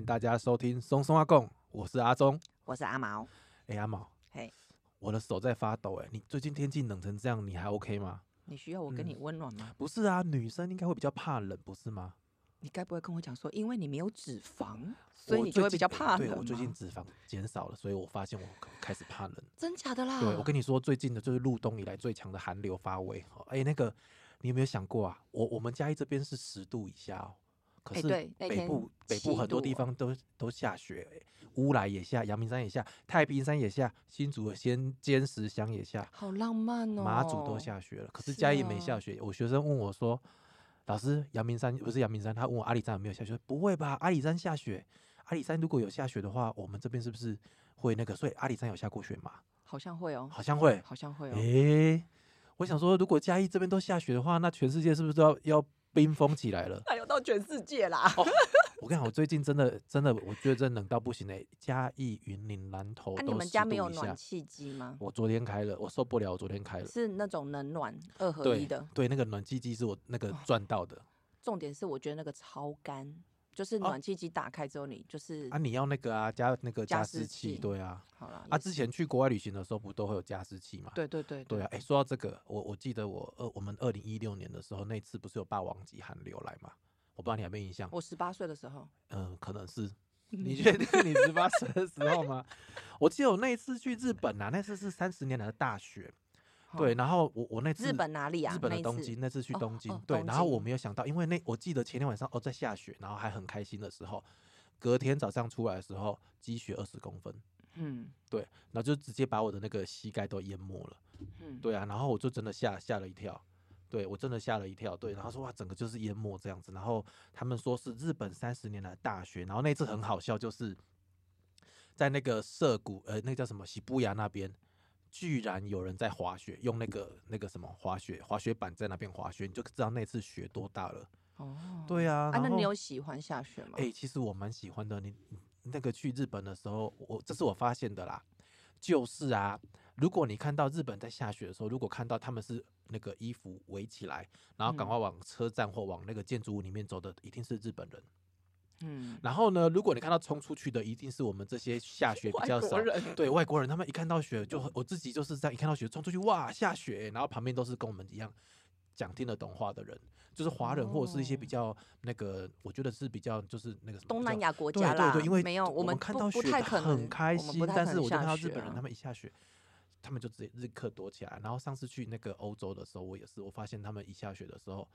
大家收聽鬆頌 ㄚ 貢，我是阿忠，我是阿毛。哎、欸，阿毛，嘿、hey.，我的手在發抖、欸。哎，你最近天氣冷成這樣，你還 OK 嗎？你需要我給你溫暖嗎、嗯？不是啊，女生應該會比較怕冷，不是嗎？你該不會跟我講說，因為你沒有脂肪，所以你就會比較怕冷、欸？對，我最近脂肪減少了，所以我發現我開始怕冷。真假的啦？對，我跟你說，最近的就是入冬以來最強的寒流發威。哎、欸，那個，你有沒有想過啊？我我們嘉義這邊是十度以下哦。可是北部、欸、北部很多地方都都下雪，誒，烏來也下，陽明山也下，太平山也下，新竹的縣尖石鄉也下，好浪漫哦。馬祖都下雪了，可是嘉義沒下雪。啊、我學生問我說：“老師，陽明山不是陽明山？”他問我阿里山有沒有下雪？不會吧？阿里山下雪。阿里山如果有下雪的話，我們這邊是不是會那個？所以阿里山有下過雪嗎？好像會哦，好像會，好像會哦。哎、欸，我想說，如果嘉義這邊都下雪的話，那全世界是不是都要要？要冰封起來了，還有到全世界啦！ 哦、我跟你講，我最近真的真的，我覺得真冷到不行哎、欸！嘉義、雲林、南投、啊、你們家沒有暖氣機嗎？我昨天開了，我受不了，我昨天開了，是那種冷暖二合一的。對，對那個暖氣機是我那個賺到的、哦。重點是，我覺得那個超乾。就是暖氣機打開之後，你就是、哦、啊，你要那個啊，加那個加濕器，對啊，好了啊，之前去國外旅行的時候，不都會有加濕器嘛？對，對對對對啊！哎、欸，說到這個，我我記得我二我們二零一六年的時候，那一次不是有霸王級寒流來嘛？我不知道你有沒有印象？我十八歲的時候，嗯，可能是你確定你十八歲的時候嗎？ 我記得我那一次去日本啊，那次是三十年來的大雪。對，然後我我那次日本哪裡啊？日本的東京，那，次，那次去東京。哦哦、對、東京，然後我沒有想到，因為那我記得前天晚上哦在下雪，然後還很開心的時候，隔天早上出來的時候，積雪二十公分。嗯，對，然後就直接把我的那個膝蓋都淹沒了。嗯，對啊，然後我就真的嚇嚇了一跳。對我真的嚇了一跳。對，然後說哇，整個就是淹沒這樣子。然後他們說是日本三十年來大雪。然後那次很好笑，就是在那個澀谷，呃，那個、叫什麼西布牙那邊。居然有人在滑雪，用那個那個什麼滑雪滑雪板在那邊滑雪，你就知道那次雪多大了。哦，Oh，對啊。啊，那你有喜歡下雪嗎？誒、欸，其實我蠻喜歡的。你那個去日本的時候，我這是我發現的啦。就是啊，如果你看到日本在下雪的時候，如果看到他們是那個衣服圍起來，然後趕快往車站或往那個建築物裡面走的、嗯，一定是日本人。嗯，然後呢？如果你看到衝出去的，一定是我們這些下雪比較少，對外國人，外國人他們一看到雪就，我自己就是在一看到雪衝出去，哇，下雪，然後旁邊都是跟我們一樣講聽得懂話的人，就是華人或者是一些比較那個，哦，我覺得是比較就是那個什麼東南亞國家了，對，對對，因為我們看到雪很開心，啊，但是我就看到日本人他們一下雪，他們就直接立刻躲起來。然後上次去那個歐洲的時候，我也是，我發現他們一下雪的時候，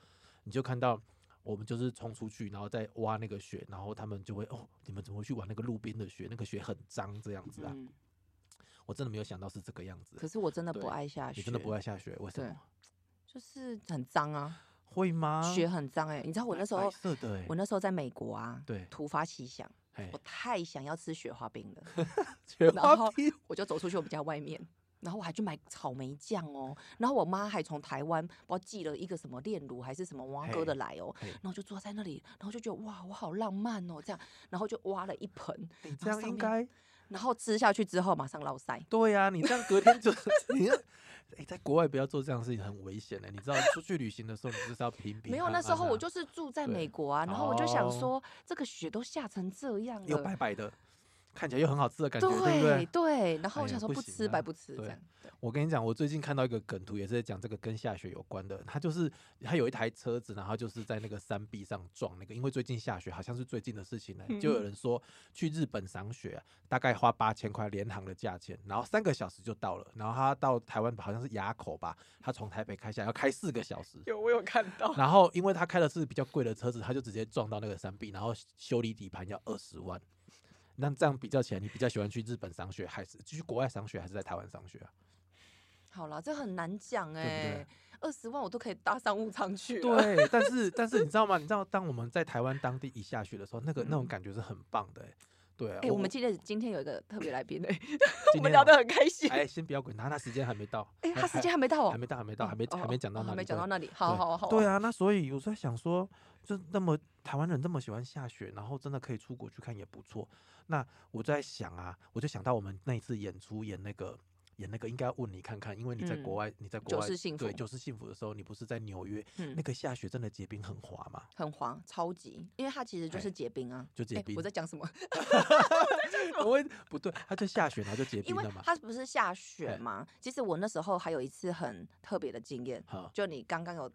你就看到。我們就是衝出去，然後再挖那個雪，然後他們就會哦，你們怎麼會去玩那個路邊的雪？那個雪很髒，這樣子啊、嗯！我真的沒有想到是這個樣子。可是我真的不愛下雪。你真的不愛下雪？為什麼？就是很髒啊！會嗎？雪很髒哎、欸！你知道我那時候，對、欸，我那時候在美國啊，對，突發奇想，我太想要吃雪花冰了 雪花，然後我就走出去我們家外面。然後我還去買草莓醬哦，然後我媽還從台灣幫我寄了一個什麼煉乳還是什麼瓦哥的來哦，然後就坐在那裡，然後就覺得哇，我好浪漫哦，這樣，然後就挖了一盆，這樣應該，然後吃下去之後馬上烙賽。對呀、啊，你這樣隔天就是， 你、欸、在國外不要做這樣事情很危險的、欸，你知道，出去旅行的時候你就是要評比，沒有那時候我就是住在美國啊，然後我就想說、哦、這個雪都下成這樣了，有白白的。看起來又很好吃的感覺，對，對，對，對。然後我想說，不吃白不吃這樣、哎不啊。對。我跟你講，我最近看到一個梗圖，也是在講這個跟下雪有關的。他就是他有一台車子，然後就是在那個山壁上撞那個。因為最近下雪，好像是最近的事情呢、欸。就有人說、嗯、去日本賞雪，大概花八千塊廉航的價錢，然後三個小時就到了。然後他到台灣好像是埡口吧，他從台北開下要開四個小時。有，我有看到。然後因為他開的是比較貴的車子，他就直接撞到那個山壁，然後修理底盤要二十萬。那這樣比較起來，你比較喜歡去日本賞雪,還是去國外賞雪,還是在台灣賞雪啊？好啦，這很難講哎、欸，二十萬我都可以搭商務艙去。對，但是但是你知道嗎？ 你知道當我們在台灣當地一下雪的時候，那個那種感覺是很棒的、欸嗯對、啊，哎、欸，我們今天今天有一個特別來賓嘞、欸，啊、 我們聊得很開心。哎、欸，先不要管他，那他時間還沒到。哎、欸，他時間還沒到哦，還沒到，還沒到、哦，還沒、哦、還沒講到,、哦哦、到那裡，好好好，好、啊，對啊，那所以我在想說，就那麼台灣人這麼喜歡下雪，然後真的可以出國去看也不錯。那我在想啊，我就想到我們那一次演出演那個。演那個應該問你看看，因為你在國外，嗯、你在國外、就是幸福，對，就是幸福的時候，你不是在紐約、嗯，那個下雪真的結冰很滑嗎？很滑，超級，因為它其實就是結冰啊，欸、就結冰。欸、我在講什, 什麼？我問不對，它就下雪，它就結冰了嘛。因為它不是下雪嘛、欸？其實我那時候還有一次很特別的經驗、嗯，就你剛剛有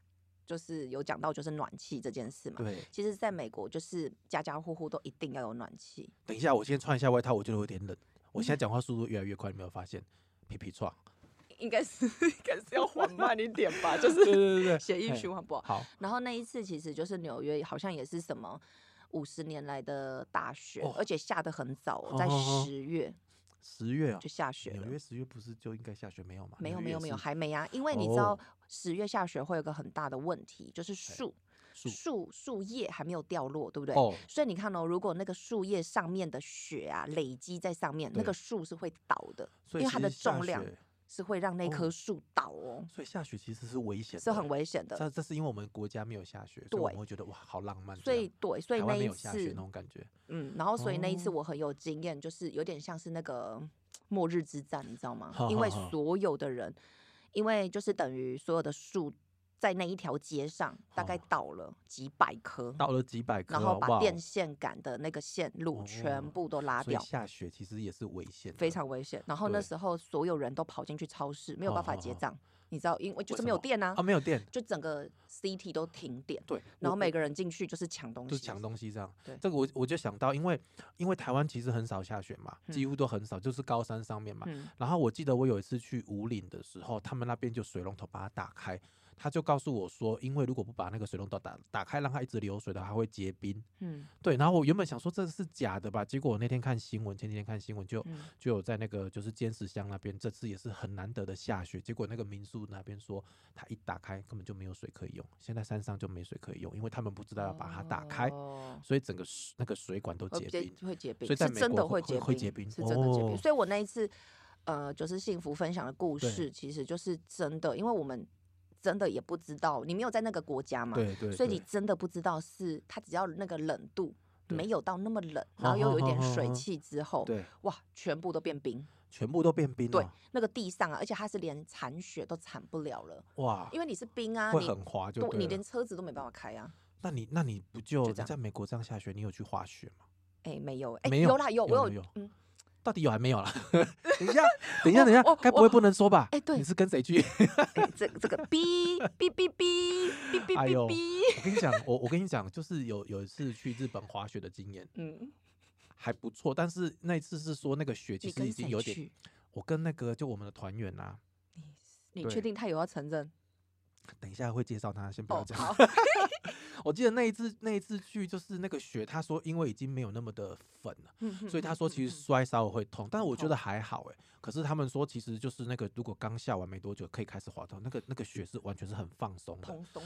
就是有講到就是暖氣這件事嘛。對，其實在美國就是家家戶戶都一定要有暖氣。等一下，我先穿一下外套，我覺得有點冷。嗯、我現在講話速度越來越快，你有沒有發現？皮皮剉，應該是，應該是要緩慢一點吧，就 是對 血液循環不好，好。然後那一次其實就是紐約好像也是什麼五十年來的大雪，哦，而且下得很早，在十月。哦哦，十月啊，就下雪了。紐約十月不是就應該下雪沒有嗎？沒有沒有沒有，還沒啊，因為你知道、哦、十月下雪會有個很大的問題，就是樹。樹樹葉還沒有掉落，對不對？哦、所以你看哦、喔，如果那個樹葉上面的雪啊累積在上面，那個樹是會倒的，所以，因為它的重量是會讓那棵樹倒、喔、哦。所以下雪其實是危險的，是很危險的。這這是因為我們國家沒有下雪，對，我們會覺得哇，好浪漫。所以對，所以那一次那種感覺，嗯，然後所以那一次我很有經驗，就是有點像是那個末日之戰，你知道嗎？哦、因為所有的人，哦哦、因為就是等於所有的樹。在那一條街上，大概倒了幾百棵、哦，倒了幾百棵，然後把電線桿的那個線路全部都拉掉。哦、所以下雪其實也是危險，非常危險。然後那時候所有人都跑進去超市，沒有辦法結賬、哦，你知道、哦，因為就是沒有電啊啊、哦，沒有電，就整個 CT 都停電。對，然後每個人進去就是搶東西，就是搶東西這樣。對，這個我我就想到，因為因為台灣其實很少下雪嘛，幾乎都很少，嗯、就是高山上面嘛、嗯。然後我記得我有一次去武嶺的時候，他們那邊就水龍頭把它打開。他就告訴我說，因為如果不把那個水龍頭打打開，讓它一直流水的話，它會結冰。嗯，對。然後我原本想說這是假的吧，結果我那天看新聞，前幾天看新聞就就有在那個就是尖石鄉那邊，這次也是很難得的下雪。結果那個民宿那邊說，它一打開根本就沒有水可以用，現在山上就沒水可以用，因為他們不知道要把它打開，哦、所以整個那個水管都結冰，會結，會結冰，所以在美國會，是真的會結冰，會結冰，是真的結冰、哦。所以我那一次，呃，就是幸福分享的故事，其實就是真的，因為我們。真的也不知道，你沒有在那個國家嘛？對對，對。所以你真的不知道，是它只要那個冷度沒有到那麼冷，然後又有一點水汽之後、啊哈哈哈，對，哇，全部都變冰。全部都變冰了。對，那個地上啊，而且它是連鏟雪都鏟不了了，哇！因爲你是冰啊，會很滑就對，就你，你連車子都沒辦法開啊。那你那你不就，就你在美國這樣下雪？你有去滑雪嗎？哎、欸，沒有，哎、欸欸，有啦有、有，沒有，我有嗯。到底有還沒有了，啊？ 等一下，等一下，等一下，該不會不能說吧？哎、欸，對，你是跟誰去？這這個嗶嗶嗶嗶嗶嗶嗶。我跟你講，我我跟你講，就是有有一次去日本滑雪的經驗，嗯，還不錯。但是那一次是說那個雪其實已經有點，跟我跟那個就我們的團員啊。你你確定他有要承認？等一下會介紹他，先不要講，哦。 我記得那一次，那一次去就是那個雪，他說因為已經沒有那麼的粉了，嗯、所以他說其實摔稍微會痛，嗯、但我覺得還好哎、欸，嗯。可是他們說其實就是那個如果剛下完沒多久可以開始滑動，那個那個雪是完全是很放鬆、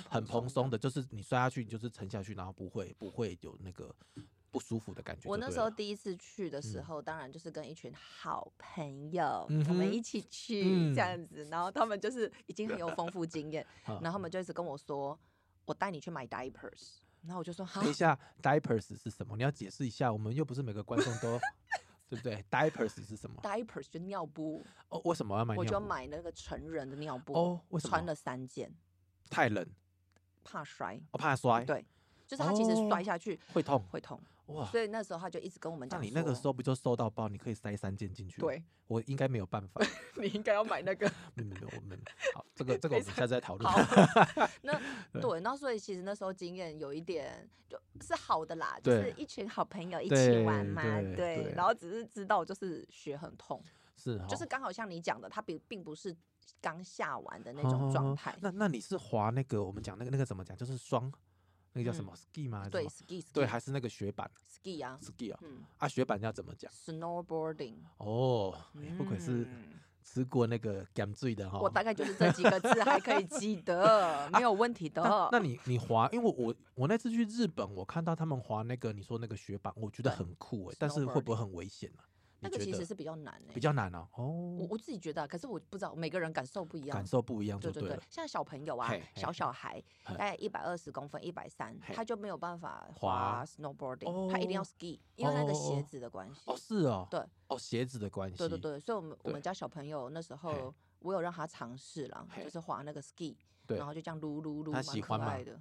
很蓬鬆的、的，就是你摔下去你就是沉下去，然後不會不會有那個不舒服的感覺。我那時候第一次去的時候，嗯、當然就是跟一群好朋友、嗯、我們一起去這樣子、嗯，然後他們就是已經很有豐富經驗， 然後他們就一直跟我說。我帶你去買 diapers，然後我就說，哈？等一下 diapers 是什麼？你要解釋一下，我們又不是每個觀眾都， 對不對？diapers 是什麼？diapers 就尿布。哦，為什麼要買尿布？我就買那個成人的尿布。哦，為什麼？穿了三件，太冷，怕摔。哦，怕摔。對。就是他其實摔下去、哦、會痛，會痛哇！所以那時候他就一直跟我們講。那你那個時候不就收到包？你可以塞三件進去。對，我應該沒有辦法。 你應該要買那個。 沒有沒有沒有，好，這個這個我們下次再討論。 好， 對，那對，那所以其實那時候經驗有一點就是好的啦，就是一群好朋友一起玩嘛，對。然後只是知道就是血很痛，是、哦，就是剛好像你講的，他並並不是剛下完的那種狀態、哦。那那你是滑那個我們講那個那個怎麼講，就是雙。那個叫什麼、嗯、ski 嗎？對什麼 ski,，ski，對，還是那個雪板，ski 啊，ski 啊、喔嗯，啊，雪板要怎麼講？snowboarding、oh,。哦、嗯，不愧是吃過那個鹹水的哈。我大概就是這幾個字還可以記得， 沒有問題的。啊、那你你滑，因為我我，我那次去日本，我看到他們滑那個你說那個雪板，我覺得很酷、欸 um, 但是會不會很危險呢、啊？那、這個其實是比較難的、欸，比較難哦。Oh. 我我自己覺得、啊，可是我不知道每個人感受不一樣，感受不一樣就對，對對對。像小朋友啊，hey, hey, 小小孩，hey, 大概一百二十公分，一百三，他就沒有辦法滑 snowboarding，滑、oh, 他一定要 ski，因為那個鞋子的關係。哦、oh, oh,，oh. oh, 是哦，對，哦、oh,，鞋子的關係，對對對,對。所以我們我們家小朋友那時候，hey, 我有讓他嘗試了、hey,，就是滑那個 ski，然後就這樣擼擼擼，蠻可愛的，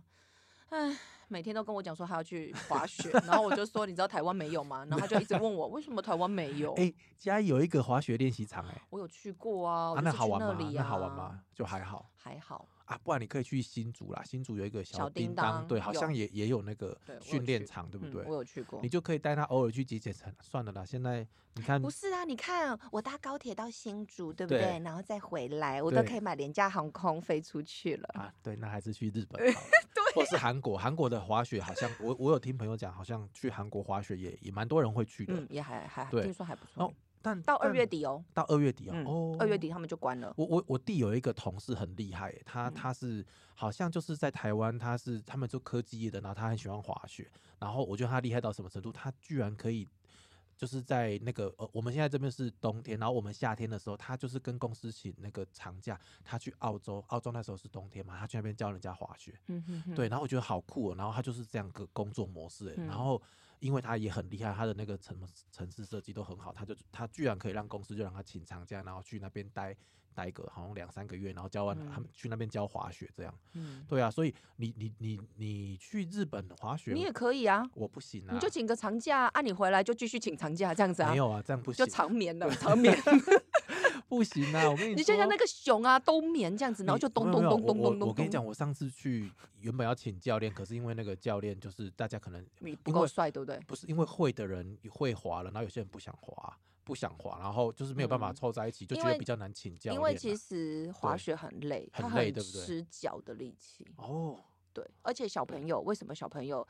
每天都跟我講說他要去滑雪， 然後我就說，你知道台灣沒有嗎？然後他就一直問我 為什麼台灣沒有。哎、欸，家有一個滑雪練習場哎、欸，我有去過啊。啊，我就去那裡啊。那好玩嗎？那好玩嗎？就還好。還好。啊，不然你可以去新竹啦，新竹有一個小叮當，對，好像也也有那個訓練場，對,對不對、嗯？我有去過，你就可以帶他偶爾去集結成。算了啦，現在你看，不是啊，你看我搭高鐵到新竹，對不對,對？然後再回來，我都可以買廉價航空飛出去了。啊，對，那還是去日本好， 對，或是韓國，韓國的滑雪好像，我我有聽朋友講，好像去韓國滑雪也也蠻多人會去的，嗯、也還還對聽說還不錯。哦但,但到二月底哦，到二月底哦，嗯、哦二月底他們就關了。我我我弟有一個同事很厲害、欸，他他是好像就是在台灣，他是他們做科技業的，然後他很喜歡滑雪。然後我覺得他厲害到什麼程度？他居然可以，就是在那個呃，我們現在這邊是冬天，然後我們夏天的時候，他就是跟公司請那個長假，他去澳洲，澳洲那時候是冬天嘛，他去那邊教人家滑雪。嗯嗯。對，然後我覺得好酷哦、喔。然後他就是這樣個工作模式、欸，然後。嗯因為他也很厲害，他的那個城城市設計都很好，他就他居然可以讓公司就讓他請長假，然後去那邊待待個好像兩三個月，然後教完、嗯、他們去那邊教滑雪這樣。嗯，對啊，所以你你你你去日本滑雪，你也可以啊，我不行啊，你就請個長假，按、啊、你回來就繼續請長假這樣子啊，沒有啊，這樣不行，就長眠了，長眠。 不行啊！我跟你講，你想想那個熊啊，冬眠這樣子，然後就咚咚咚咚咚咚。我跟你講，我上次去原本要請教練，可是因為那個教練就是大家可能不夠帥，對不對？不是因為會的人會滑了，然後有些人不想滑，不想滑，然後就是沒有辦法湊在一起、嗯，就覺得比較難請教練、啊、因為其實滑雪很累，很累，對不對？使腳的力氣哦，對，而且小朋友為什麼小朋友？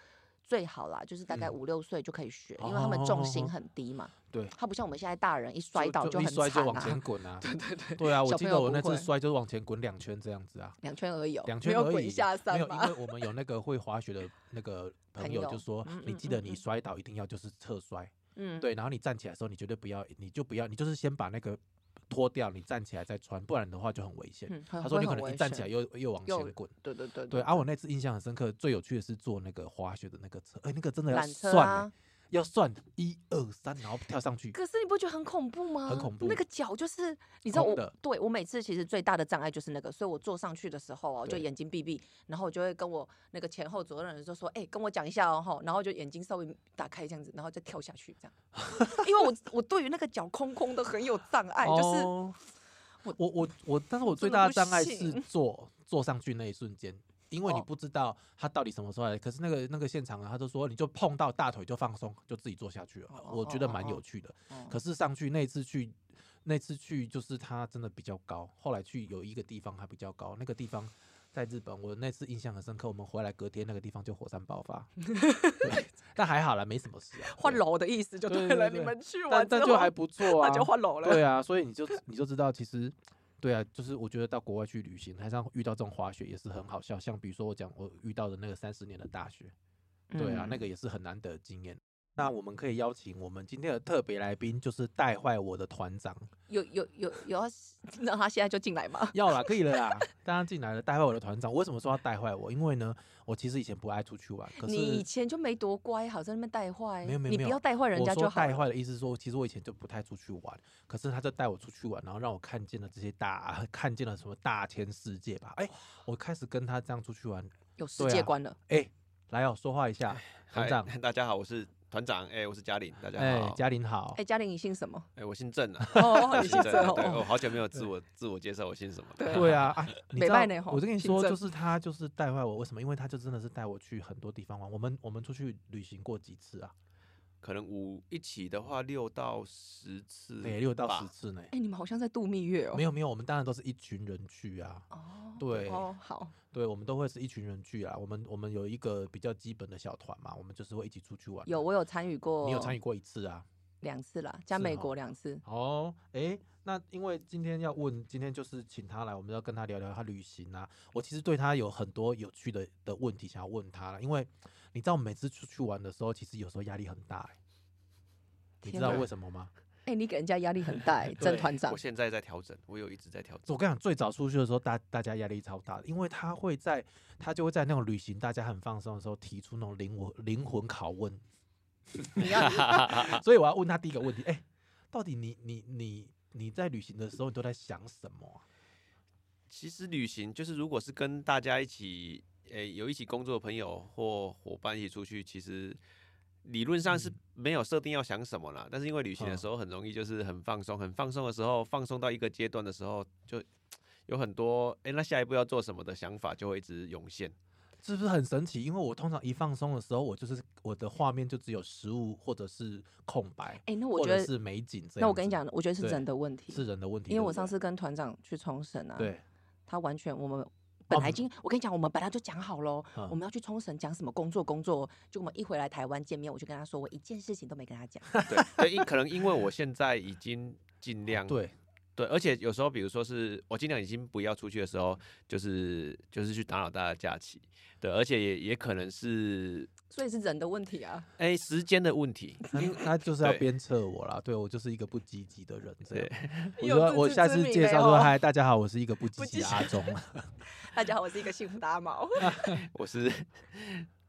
最好啦，就是大概五六歲就可以學、嗯，因為他們重心很低嘛哦哦哦哦。對，他不像我們現在大人一摔倒，就很慘啊。一摔就往前滾啊！ 對對對，對啊！我記得我那次摔就是往前滾兩圈這樣子啊，兩圈而已，哦。兩圈而已。沒有滾下山。沒有，因為我們有那個會滑雪的那個朋友，朋友就說：“你記得你摔倒一定要就是側摔，嗯，對，然後你站起來的時候你絕對不要，你就不要，你就是先把那個。”脫掉，你站起來再穿，不然的話就很危險、嗯。他說你可能一站起來又又，又往前滾。對對對對，對，對。啊，我那次印象很深刻，最有趣的是坐那個滑雪的那個車，哎、欸，那個真的要算、欸。纜車啊。要算一二三，1, 2, 3, 然後跳上去。可是你不覺得很恐怖嗎？很恐怖。那個腳就是你知道我，對，我每次其實最大的障礙就是那個，所以我坐上去的時候哦、喔，就眼睛閉閉，然後我就會跟我那個前後左右的人就說：“哎、欸，跟我講一下哦、喔。”然後就眼睛稍微打開這樣子，然後再跳下去這樣。 因為我我對於那個腳空空的很有障礙， 就是我我我我，但是我最大的障礙是坐坐上去那一瞬間。因為你不知道他到底什麼時候來，oh. 可是那個那個現場啊，他就說你就碰到大腿就放鬆，就自己坐下去了。Oh. 我覺得蠻有趣的。Oh. 可是上去那次去，那次去就是他真的比較高。後來去有一個地方還比較高，那個地方在日本，我那次印象很深刻。我們回來隔天那個地方就火山爆發， 但還好啦，沒什麼事啊。換樓的意思就對了，對對對對，你們去完之後，但但就還不錯啊，那就換樓了。對啊，所以你就你就知道其實。對啊，就是我覺得到國外去旅行，台上遇到這種滑雪也是很好笑。像比如說我講我遇到的那個三十年的大雪，嗯，對啊，那個也是很難得的經驗。那我們可以邀請我們今天的特別來賓，就是帶壞我的團長。有有有有，有有要讓他現在就進來嗎？ 要啦，可以了啦，他進來了。帶壞我的團長，我為什麼說要帶壞我？因為呢，我其實以前不愛出去玩。你以前就沒多乖好，好在那邊帶壞。沒有沒有，你不要帶壞人家就好。我說帶壞的意思是說，其實我以前就不太出去玩，可是他就帶我出去玩，然後讓我看見了這些大，看見了什麼大千世界吧。哎、欸，我開始跟他這樣出去玩，有世界觀了。哎、啊欸，來哦、喔，說話一下，團長，大家好，我是。團長，哎、欸，我是家麟，大家好。欸、家麟好。哎、欸，家麟，你姓什麼？哎、欸，我姓鄭啊。哦，姓鄭。對，我好久沒有自我自我介紹，我姓什麼？ 對啊，啊，你知道、欸。我跟你說，就是他，就是帶壞我。為什麼？因為他就真的是帶我去很多地方玩。我們我們出去旅行過幾次啊。可能五一起的話，六到十次、欸，六到十次，哎，六到十次呢。哎，你們好像在度蜜月哦、喔。沒有沒有，我們當然都是一群人去啊。哦，對，哦、好，對，我們都會是一群人去啊。我們我們有一個比較基本的小團嘛，我們就是會一起出去玩。有，我有參與過，你有參與過一次啊，兩次啦，加美國兩次。哦，哎、oh, 欸，那因為今天要問，今天就是請他來，我們要跟他聊聊他旅行啊。我其實對他有很多有趣的的問題想要問他了，因為。你知道每次出去玩的時候，其實有時候壓力很大、啊，你知道為什麼嗎？哎、欸，你給人家壓力很大，鄭 團長。我現在在調整，我有一直在調整。我跟你講，最早出去的時候，大家大家壓力超大的，因為他會在他就會在那種旅行，大家很放鬆的時候，提出那種靈魂靈魂拷問。 你要 所以我要問他第一個問題，哎、欸，到底你你你你在旅行的時候，你都在想什麼、啊？其實旅行就是，如果是跟大家一起。誒、欸，有一起工作的朋友或夥伴一起出去，其實理論上是沒有設定要想什麼啦、嗯。但是因為旅行的時候很容易就是很放鬆、哦，很放鬆的時候，放鬆到一個階段的時候，就有很多誒、欸，那下一步要做什麼的想法就會一直湧現。是不是很神奇？因為我通常一放鬆的時候，我就是我的畫面就只有食物或者是空白。誒、欸，那我覺得是美景這。那我跟你講，我覺得是人的問題，是人的問題，對對。因為我上次跟團長去沖繩啊，對，他完全我們。本來已經、哦，我跟你講，我們本來就講好咯、嗯，我們要去沖繩講什麼工作工作。就我們一回來台灣見面，我就跟他說，我一件事情都沒跟他講 對，可能因為我現在已經盡量、哦、對。對，而且有時候，比如說是我盡量已經不要出去的時候，就是就是去打擾大家假期。對，而且也也可能是，所以是人的問題啊。哎，時間的問題，他 他就是要鞭策我啦。對，對我就是一個不積極的人，對我說我下次介紹說、哦：“嗨，大家好，我是一個不積極的阿忠。” 大家好，我是一個幸福的阿毛。 我是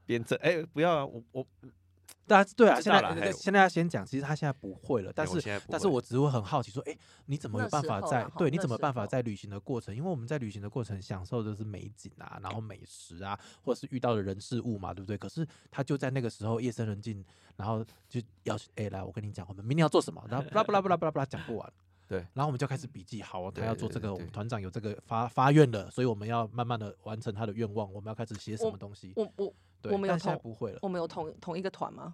鞭策，哎，不要我我。我大家對啊，現在現在要先講，其實他現在不會了，但是但是我只會很好奇說，說哎，你怎麼有辦法在？啊、對，你怎麼辦法在旅行的過程？因為我們在旅行的過程，享受的是美景啊，然後美食啊，或者是遇到的人事物嘛，對不對？可是他就在那個時候夜深人靜，然後就要去哎，來我跟你講，我們明天要做什麼？然後布拉布拉布拉布拉布拉講不完。 對，然後我們就開始筆記。好、啊，他要做這個，對對對對，我們團長有這個發發願的，所以我們要慢慢的完成他的願望。我們要開始寫什麼東西？我我對，我沒，但現在不會了。我們有同同一個團嗎？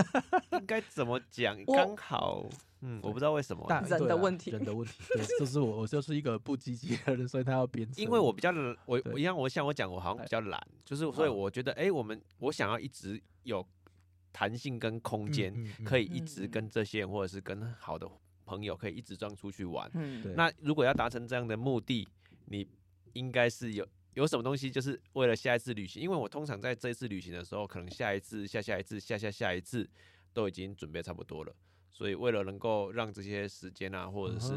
應該怎麼講？剛好，嗯，我不知道為什麼人的問題，人的問題， 對，就是我我就是一個不積極的人，所以他要編輯。因為我比較我我一樣，我像我講，我好像比較懶、啊，就是所以我覺得哎、欸，我們我想要一直有彈性跟空間、嗯嗯嗯，可以一直跟這些人、嗯、或者是跟好的。朋友可以一直這樣出去玩，嗯，那如果要達成這樣的目的，你應該是有有什麼東西，就是為了下一次旅行。因為我通常在這一次旅行的時候，可能下一次、下下一次、下下下一次都已經準備差不多了。所以為了能夠讓這些時間啊，或者是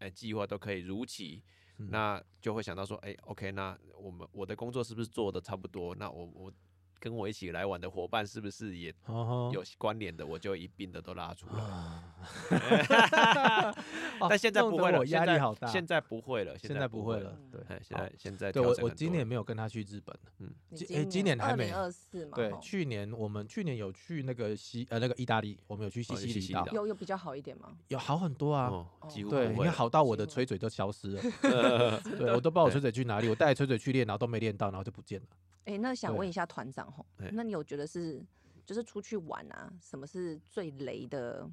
計劃、嗯欸、都可以如期、嗯，那就會想到說，哎、欸、OK，那我們我的工作是不是做的差不多？那我我跟我一起來玩的夥伴是不是也有關聯的？我就一并的都拉出來。嗯 但現在不會了，壓、哦、力好大現。現在不會了，現在不會了。嗯、對，現在現在對我我今年沒有跟他去日本。嗯，今、欸、今年還沒二四嘛？對，去年我們去年有去那個西呃那個意大利，我們有去西西里、哦、西西島。有有比較好一點嗎？有好很多啊，哦、幾乎因為好到我的吹嘴都消失了。 對我都不知道我吹嘴去哪裡， 我帶着吹嘴去練，然後都沒練到，然後就不見了。哎、欸，那想問一下團長吼，那你有覺得是就是出去玩啊？什麼是最雷的？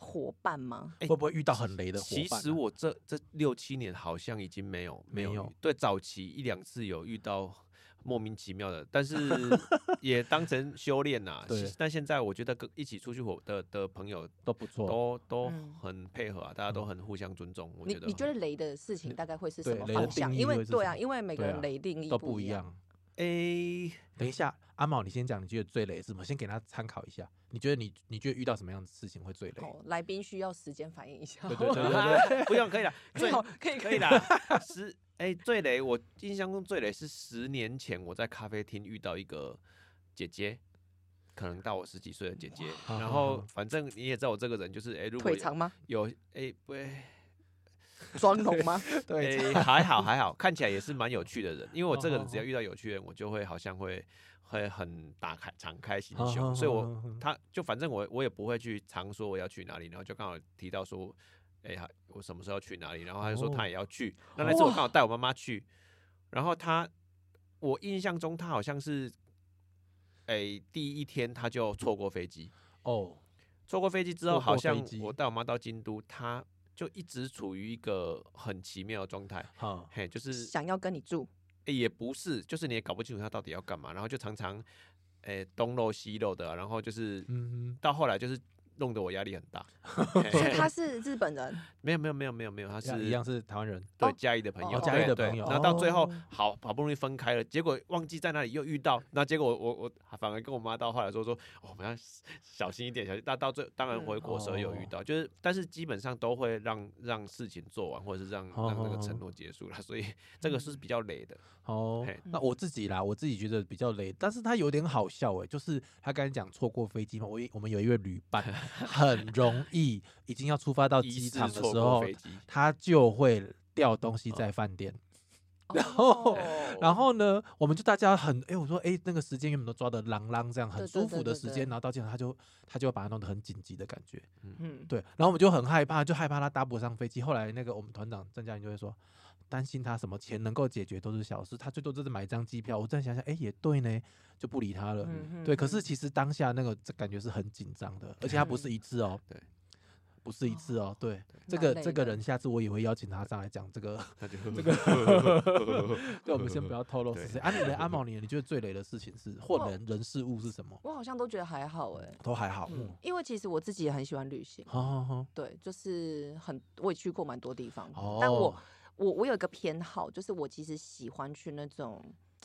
夥伴嗎、欸？會不會遇到很雷的、啊？其實我這這六七年好像已經沒有沒有對，早期一兩次有遇到莫名其妙的，但是也當成修煉吶、啊。 但現在我覺得一起出去夥的的朋友都不錯，都都，都很配合啊、嗯，大家都很互相尊重。我覺得你覺得雷的事情大概會是什麼方向？因為對啊，因為每個人雷定義不、啊、都不一樣。A、欸嗯、等一下，阿毛你先講，你覺得最雷是什麼？先給他參考一下。你覺得你你覺得遇到什麼樣的事情會最累？來賓需要時間反應一下。對對對，對， 不用，可以的， 最 可以可以的。 十哎最累，我印象中最累是十年前我在咖啡廳遇到一個姐姐，可能大我十幾歲的姐姐。然後反正你也知道我這個人就是哎、欸，如果有，腿長嗎？有哎、欸、不會。雙龍嗎？ 對、欸，還好還好， 看起來也是蠻有趣的人。因為我這個人只要遇到有趣的人，我就會好像會、哦，會很打開、敞開心胸、哦。所以我，我他就反正我我也不會去常說我要去哪裡，然後就剛好提到說，哎、欸，我什麼時候去哪裡，然後他就說他也要去。那那次我剛好帶我媽媽去、哦，然後他，我印象中他好像是，哎、欸，第一天他就錯過飛機哦，錯過飛機之後，好像我帶我媽到京都，他。就一直處於一個很奇妙的狀態，哈，嘿，就是想要跟你住。欸，也不是，就是你也搞不清楚他到底要幹嘛，然後就常常，誒、欸，東漏西漏的啊，然後就是，嗯，到後來就是。弄得我壓力很大。 他是日本人？沒有沒有沒有沒有沒有，他是一樣是台灣人。對嘉義、喔、的朋友，嘉、喔、義的朋友。那到最後，喔、好，好不容易分開了，結果忘記在哪裡又遇到。那結果我我我反而跟我媽到後來說說、喔，我們要小心一點，小心。那到最當然回國的時候有遇到，就是、喔、但是基本上都會讓讓事情做完，或者是讓讓那個承諾結束了、喔喔喔。所以這個是比較累的。哦、喔嗯，那我自己啦，我自己覺得比較累，但是他有點好笑誒、欸，就是他剛才講錯過飛機嘛，我我們有一位旅伴。 很容易， 已經要出發到機場的時候，他就會掉東西在飯店。哦、 然後、哦，然後呢，我們就大家很誒、欸，我說誒、欸，那個時間原本都抓得狼狼這樣很舒服的時間，然後到機場他就他就把它弄得很緊急的感覺，嗯，對，然後我們就很害怕，就害怕他搭不上飛機。後來那個我們團長鄭家麟就會說。擔心他什麼錢能夠解決都是小事，他最多就是買張機票。我再想想，哎、欸，也對呢，就不理他了。嗯、對、嗯，可是其實當下那個感覺是很緊張的、嗯，而且他不是一次哦，對、嗯，不是一次哦，哦對，對。這個這個人下次我也會邀請他上來講這個。那就這個，呵呵呵呵呵呵對，我們先不要透露是誰。妮美、啊、的阿毛，你，你覺得最累的事情是或人、人事物是什麼？我好像都覺得還好哎、欸，都還好、嗯嗯。因為其實我自己也很喜歡旅行，呵呵對，就是很我也去過蠻多地方，呵呵但我。呵呵但我我我有一個偏好，就是我其實喜歡去那種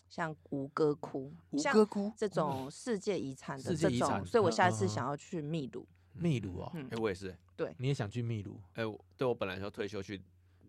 像吳哥窟、吳哥窟這種世界遺產的這種，嗯、所以我下一次想要去秘魯、嗯。秘魯哦，哎、嗯欸，我也是。對，你也想去秘魯？哎、欸，對我本來要退休去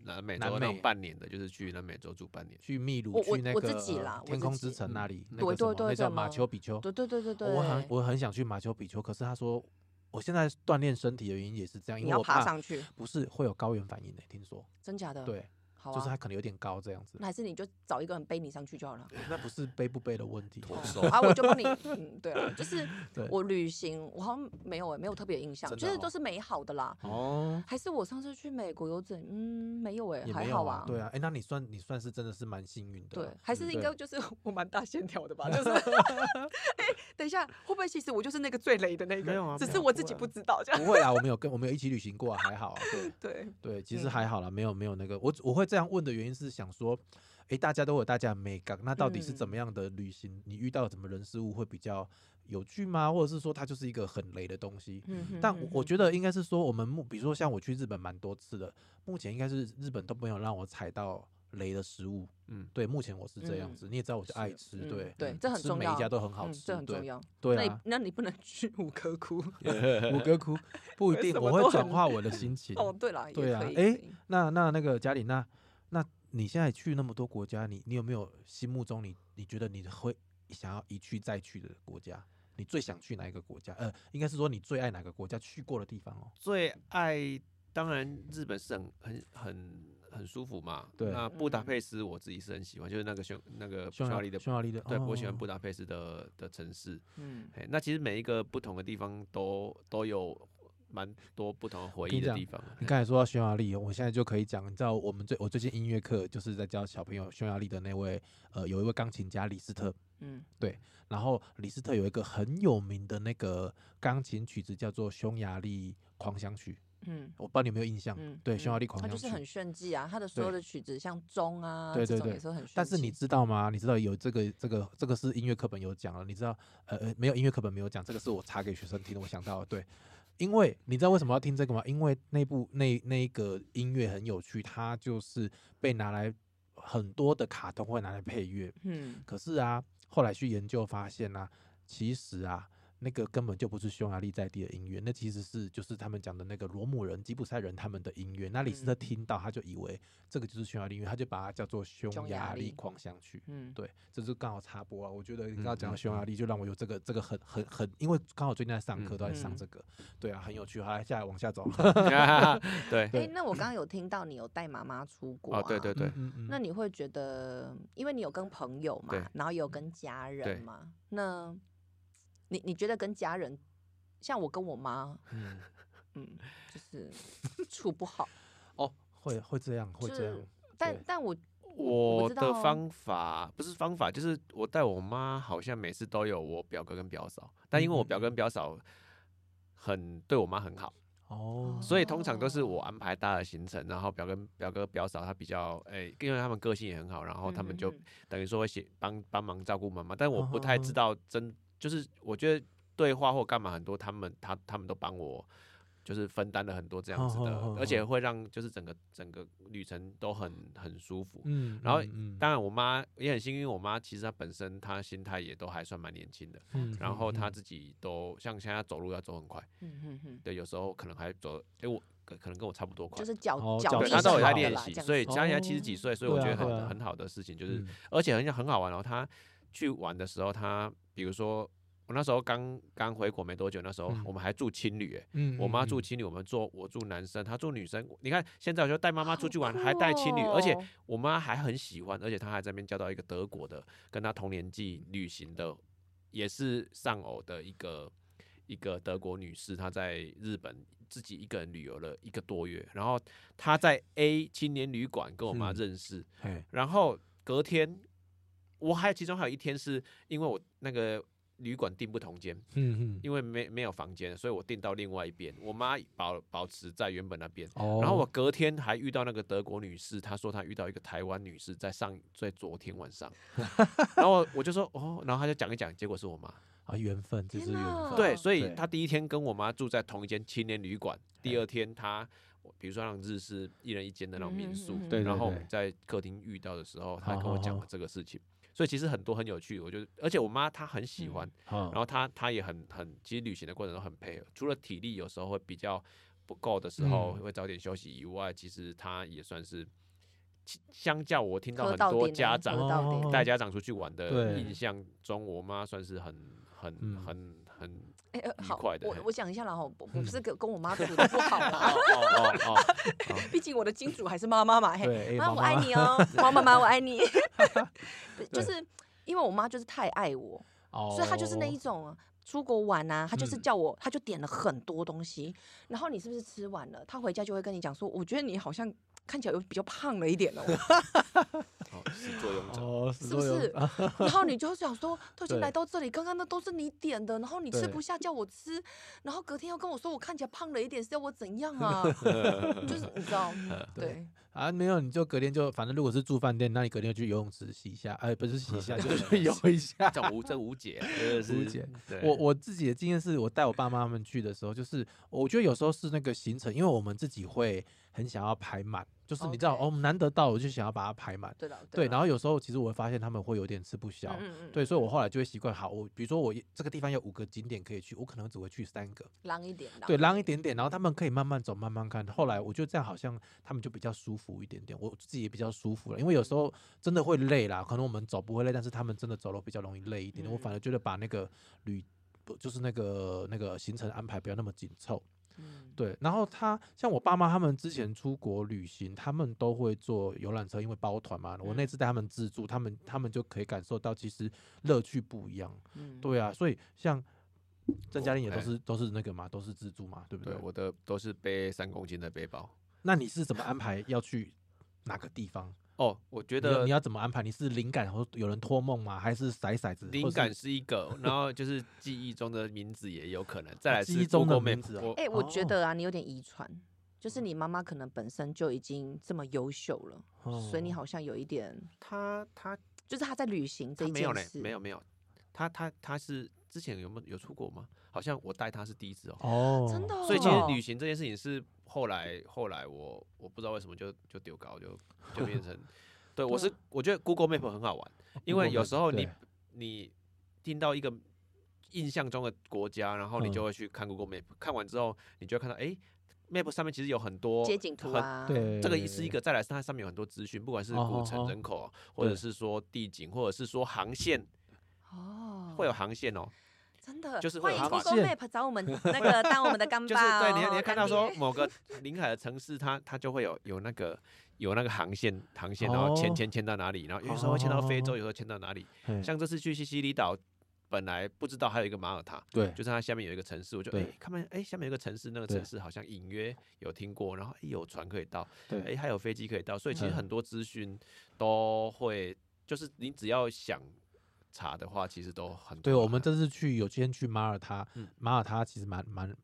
南美洲那半年的，就是去南美洲住半年，去秘魯去那個我我自己啦，我自己天空之城那裡，嗯、那個對對對對，那叫馬丘比丘。對對對對對，對，我很我很想去馬丘比丘，可是他說我現在鍛鍊身體的原因也是這樣，因為你要爬上去，不是會有高原反應的、欸？聽說？真假的？對。啊、就是它可能有點高這樣子，那還是你就找一個人背你上去就好了。 那不是背不背的問題，啊， 啊我就幫你。嗯、對、啊，就是我旅行我好像沒有哎、欸，沒有特別的印象，就是、哦、都是美好的啦。哦、嗯，還是我上次去美國有整，嗯，沒有哎、欸，還好啊。對啊，哎、欸，那你算你算是真的是蠻幸運的。對，還是應該就是我蠻大線條的吧，對對就是哎、 欸，等一下會不會其實我就是那個最雷的那個？啊、只是我自己不知道、啊、這樣。不會啊，我沒有跟我沒有一起旅行過、啊，還好啊。對對，對，其實還好啦，沒有沒有那個，我我會在。這樣問的原因是想說，哎、欸，大家都有，大家的美感。那到底是怎麼樣的旅行，嗯？你遇到什麼人事物會比較有趣嗎？或者是說，它就是一個很雷的東西？嗯哼嗯哼，但我，我覺得應該是說，我們目比如說像我去日本蠻多次的，目前應該是日本都沒有讓我踩到雷的食物。嗯，對，目前我是這樣子，嗯、你也知道，我愛吃。是對、嗯、對、嗯，這很重要，每一家都很好吃，嗯，這很重要。對，對，啊，對，那你不能去吳哥窟，吳 哥 窟，不一定，我會轉化我的心情。哦，對了，對啊，哎、欸，那那那個加里娜。那你現在去那麼多國家，你你有沒有心目中你你覺得你會想要一去再去的國家？你最想去哪一個國家？呃，應該是說你最愛哪個國家，去過的地方哦。最愛當然日本是很很很很舒服嘛。對，那布達佩斯我自己是很喜歡，就是那個匈那個匈牙利的匈牙利的，對的，哦，我喜歡布達佩斯的的城市。嗯，那其實每一個不同的地方都都有。蠻多不同的回憶的地方你。嗯、你剛才說到匈牙利，嗯、我現在就可以講，你知道我們最我最近音樂課就是在教小朋友匈牙利的那位呃，有一位鋼琴家李斯特，嗯，對。然後李斯特有一個很有名的那個鋼琴曲子叫做《匈牙利狂想曲》，嗯，我不知道你有沒有印象？嗯、對，嗯《匈牙利狂想曲》就是很炫技啊，他的所有的曲子像鐘啊，對對對，對，這種也是很炫技。但是你知道嗎？你知道有這個這個、這個、這個是音樂課本有講了，你知道呃呃，沒有音樂課本沒有講，這個是我查給學生聽的，我想到了對。因為你知道為什麼要聽這個嗎？因為那部那那個音樂很有趣，它就是被拿來很多的卡通會拿來配樂，嗯，可是啊，後來去研究發現啊，其實啊。那個根本就不是匈牙利在地的音樂，那其實是就是他們講的那個羅姆人、吉普賽人他們的音樂。那李斯特聽到他就以為這個就是匈牙利音樂，他就把它叫做匈牙利狂想曲。嗯，對，這是剛好插播啊。我覺得剛剛講到匈牙利，就讓我有這個、嗯、這個很很很，因為剛好最近在上課、嗯、都在上這個、嗯，對啊，很有趣。好，來，下來往下走。 對、欸。那我剛剛有聽到你有帶媽媽出國啊？哦、對對對，對嗯嗯嗯。那你會覺得，因為你有跟朋友嘛，然後有跟家人嘛，那？你你覺得跟家人，像我跟我媽， 嗯，就是處不好哦，會會這樣會這樣，這樣，但但我我，我的方法不是方法，就是我帶我媽好像每次都有我表哥跟表嫂，但因為我表哥跟表嫂很對我媽很好哦，所以通常都是我安排大的行程，然後表哥表哥表嫂他比較誒、欸，因為他們個性也很好，然後他們就等於說會寫幫幫忙照顧媽媽，但我不太知道真。哦就是我覺得對話或幹嘛很多，他們他他們都幫我，就是分擔了很多這樣子的，oh, oh, oh, oh. 而且會讓就是整個整個旅程都很很舒服。嗯，然後、嗯、當然我媽也很幸運，我媽其實她本身她心態也都還算蠻年輕的，嗯、然後她自己都、嗯、像現在走路要走很快，嗯對嗯，有時候可能還走，哎、欸，我可可能跟我差不多快，就是腳腳力，她到底在練習，所以加起來七十幾歲，所以我覺得很、嗯啊啊、很好的事情就是，嗯、而且很很好玩、哦。然後她去玩的時候，她比如說。我那時候剛剛回國沒多久，那時候我們還住青旅，哎、嗯，我媽住青旅，我們住我住男生，她住女生。嗯嗯嗯你看，現在我就帶媽媽出去玩，哦、還帶青旅，而且我媽還很喜歡，而且她還在那邊交到一個德國的，跟她同年紀旅行的，也是喪偶的一個一個德國女士，她在日本自己一個人旅遊了一個多月，然後她在 A 青年旅館跟我媽認識，然後隔天，我還有其中還有一天是因為我那個。旅館訂不同間，嗯，因為沒沒有房間，所以我訂到另外一邊。我媽保保持在原本那邊，哦，然後我隔天還遇到那個德國女士，她說她遇到一個台灣女士在上在昨天晚上， 然後我就說哦，然後她就講一講，結果是我媽啊，緣分，這是緣分、啊，對，所以她第一天跟我媽住在同一間青年旅館，第二天她比如說那種日式一人一間的那種民宿，嗯嗯嗯對對對對然後我們在客廳遇到的時候，她跟我講了這個事情。好好好所以其實很多很有趣，我覺得，而且我媽她很喜歡，嗯、然後她她也很很，其實旅行的過程都很配合，除了體力有時候會比較不夠的時候會、嗯、早點休息以外，其實她也算是，相較我聽到很多家長帶家長出去玩的印象中，我媽算是很很很很。嗯很很欸、好，愉快的，我我講一下然後、嗯、我不是跟跟我媽處的不好嘛， oh, oh, oh, oh. 畢竟我的金主還是媽媽嘛，對，媽、欸、我愛你哦、喔，王媽媽我愛你， 就是因為我媽就是太愛我，oh. 所以她就是那一種出國玩吶、啊，她就是叫我，她就點了很多東西，然後你是不是吃完了，她回家就會跟你講說，我覺得你好像。看起來又比較胖了一點哦，哦，是哈哈哈。始作俑者是不是？然後你就想說，特勤來到這裡，剛剛那都是你點的，然後你吃不下叫我吃，然後隔天又跟我說我看起來胖了一點，是要我怎樣啊？就是你知道，對啊，沒有你就隔天就反正如果是住飯店，那你隔天就去游泳池洗一下，哎，不是洗一下就是游一下，這無這無解，無解。我我自己的經驗是我帶我爸媽們去的時候，就是我覺得有時候是那個行程，因為我們自己會很想要排滿。就是你知道，Okay. 哦，難得到，我就想要把它排滿。對，對，對，然後有時候其實我會發現他們會有點吃不消。嗯，嗯，對，所以我後來就會習慣，好，我比如說我這個地方有五個景點可以去，我可能只會去三個。浪一點。對，浪一點點，然後他們可以慢慢走，慢慢看。後來我覺得這樣好像他們就比較舒服一點點，我自己也比較舒服了。因為有時候真的會累啦，可能我們走不會累，但是他們真的走路比較容易累一點。嗯。我反而覺得把那個旅，就是那個那個行程安排不要那麼緊湊。對，然後他像我爸媽他們之前出國旅行，他們都會坐遊覽車，因為包團嘛。我那次帶他們自助，他們他們就可以感受到其實樂趣不一樣。嗯，對啊，所以像鄭家麟也都是都是那個嘛、嗯，都是自助嘛，對不對，對？我的都是背三公斤的背包。那你是怎麼安排要去哪個地方？ 哦、oh，我覺得你，你要怎麼安排？你是靈感，或有人托夢嗎？還是骰骰子？靈感是一個是，然後就是記憶中的名字也有可能， 再來是中國記憶中的名字。哎、oh. 欸，我覺得啊，你有點遺傳，就是你媽媽可能本身就已經這麼優秀了，oh. 所以你好像有一點。他他就是他在旅行這一件事，他沒有嘞，沒有沒有。他他他，他是之前有沒有有出國嗎？好像我帶他是第一次哦。哦、oh.，真的、哦。所以其實旅行這件事情是。後來，後來我我不知道為什麼就就丟高，就就變成， 對我是對、啊、我覺得 Google Map 很好玩、嗯，因為有時候你你聽到一個印象中的國家，然後你就會去看 Google Map，、嗯、看完之後你就會看到，哎、欸、，Map 上面其實有很多街景圖很對，這個是一個再來，它上面有很多資訊，不管是古城哦哦哦人口或者是說地景，或者是說航線，哦，會有航線哦。真的，就是會媽媽歡迎 Google Map 找我們謝謝，那個當我們的乾爸、哦、就是對，你要你要看到說某個臨海的城市它，它它就會有有那個有那個航線航線，然後遷遷遷到哪裡、哦，然後有時候會遷到非洲，哦、有時候遷到哪裡。哦、像這次去西西里島，本來不知道還有一個馬耳他，對，就是它下面有一個城市，我就哎，他們哎下面有個城市，那個城市好像隱約有聽過，然後、欸、有船可以到，哎、欸、還有飛機可以到，所以其實很多資訊都，都會，就是你只要想。查的話其實都很對，我們這次去有先去馬爾他，嗯、馬爾他其實蠻蠻，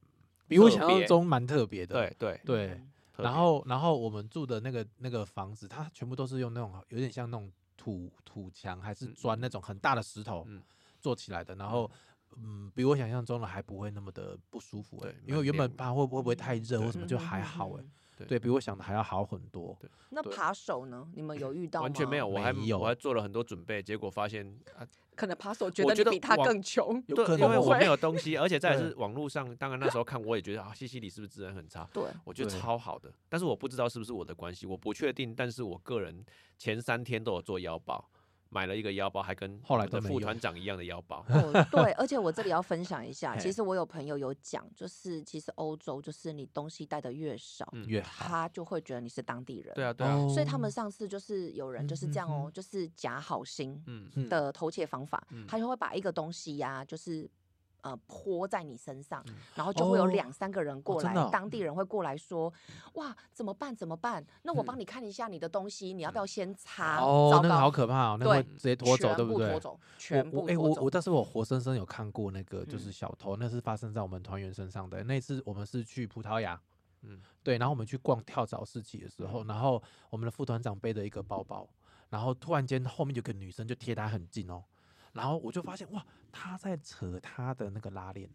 比我想象中蠻特別的，對對對、嗯嗯。然後然後我們住的那個那個房子，它全部都是用那種有點像那種土土牆還是磚那種很大的石頭、嗯、做起來的，然後嗯，比我想象中的還不會那麼的不舒服、欸，對，因為原本怕會不會不會太熱或什麼就還好、欸對，比我想的還要好很多。對，那扒手呢？你們有遇到嗎？完全沒有，我還沒有我還做了很多準備，結果發現，啊，可能扒手覺得比他更窮，對，因為我沒有東西，而且再是網絡上，當然那時候看我也覺得啊，西西里是不是治安很差？對，我覺得超好的，但是我不知道是不是我的關係，我不確定，但是我個人前三天都有做腰包。買了一個腰包，還跟後來的副團長一樣的腰包。哦。對，而且我這裡要分享一下， 其實我有朋友有講，就是其實歐洲就是你東西帶得越少，嗯他越，他就會覺得你是當地人。對啊，對啊。嗯、所以他們上次就是有人就是這樣，嗯嗯、哦，就是假好心的偷竊方法，嗯，他就會把一個東西呀，啊，就是。呃，潑在你身上，然後就會有兩三個人過來、哦哦哦，當地人會過來說：“哇，怎麼辦？怎麼辦？那我幫你看一下你的東西，嗯、你要不要先擦、嗯？”哦，那個、好可怕哦！那個直接拖走，對，全部拖走對不對？拖走，全部。我、欸、我，我，我但是我活生生有看過那個，就是小偷，那是發生在我們團員身上的。那次我們是去葡萄牙，嗯，對，然後我們去逛跳蚤市集的時候，然後我們的副團長背着一個包包，然後突然間後面有個女生就貼他很近哦。然後我就發現哇，他在扯他的那個拉鏈，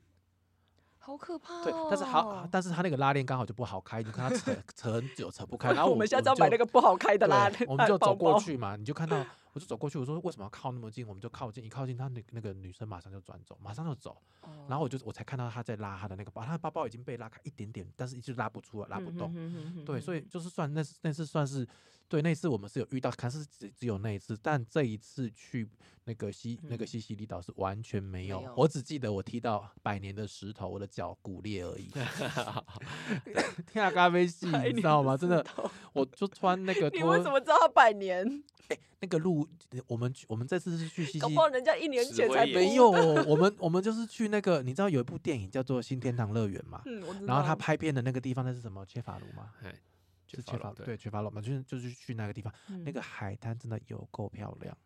好可怕、哦、對，但是好、啊，但是他那個拉鏈剛好就不好開， 你看他扯扯很久扯不開。然後我, 我們現在要買那個不好開的拉鏈，我們就走過去嘛，你就看到， 我就走過去，我說為什麼要靠那麼近？我們就靠近，一靠近他那那個女生馬上就轉走，馬上就走。哦、然後我就我才看到他在拉他的那個包，他的包包已經被拉開一點點，但是一直拉不出了，拉不動。 對，所以就是算那那是算是。對，那一次我們是有遇到，可是只只有那一次。但這一次去那個西、那個西西里島是完全沒有，嗯、沒有，我只記得我踢到百年的石頭，我的腳骨裂而已。天 下咖啡系，你知道嗎？真的，我就穿那個。你為什麼知道他百年、欸？那個路，我們我們這次是去西西，搞不好人家一年前才沒有。我們我們就是去那個，你知道有一部電影叫做《新天堂樂園》嗎、嗯？然後他拍片的那個地方，那是什麼？切法盧嗎？就缺乏，對，缺乏浪漫，就是就是去那個地方，嗯、那個海灘真的有夠漂亮。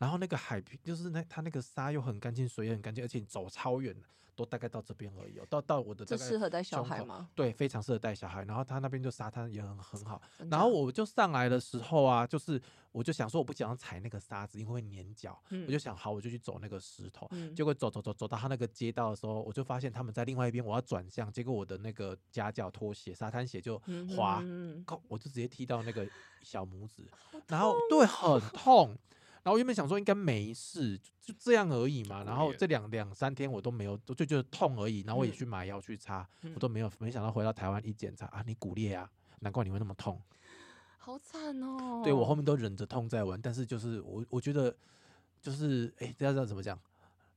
然後那個海就是那他那個沙又很乾淨，水也很乾淨，而且你走超遠都大概到這邊而已，哦。到到我的這個，這適合帶小孩嗎？對，非常適合帶小孩。然後他那邊就沙灘也很很好。然後我就上來的時候啊、嗯，就是我就想說我不想要踩那個沙子，因為會黏腳，嗯。我就想好，我就去走那個石頭。嗯、結果走走走走到他那個街道的時候，我就發現他們在另外一邊，我要轉向。結果我的那個夾腳拖鞋、沙灘鞋就滑，嗯嗯靠，我就直接踢到那個小拇指，嗯、然後、啊、對，很痛。 然後我原本想說應該沒事，就這樣而已嘛。然後，這兩兩三天我都沒有，就就覺得痛而已。然後我也去買藥、嗯、去擦，我都沒有。沒想到回到台灣一檢查啊，你骨裂啊，難怪你會那麼痛。好慘哦！對，我後面都忍着痛在玩，但是就是我我覺得就是哎，大家知道怎麼講？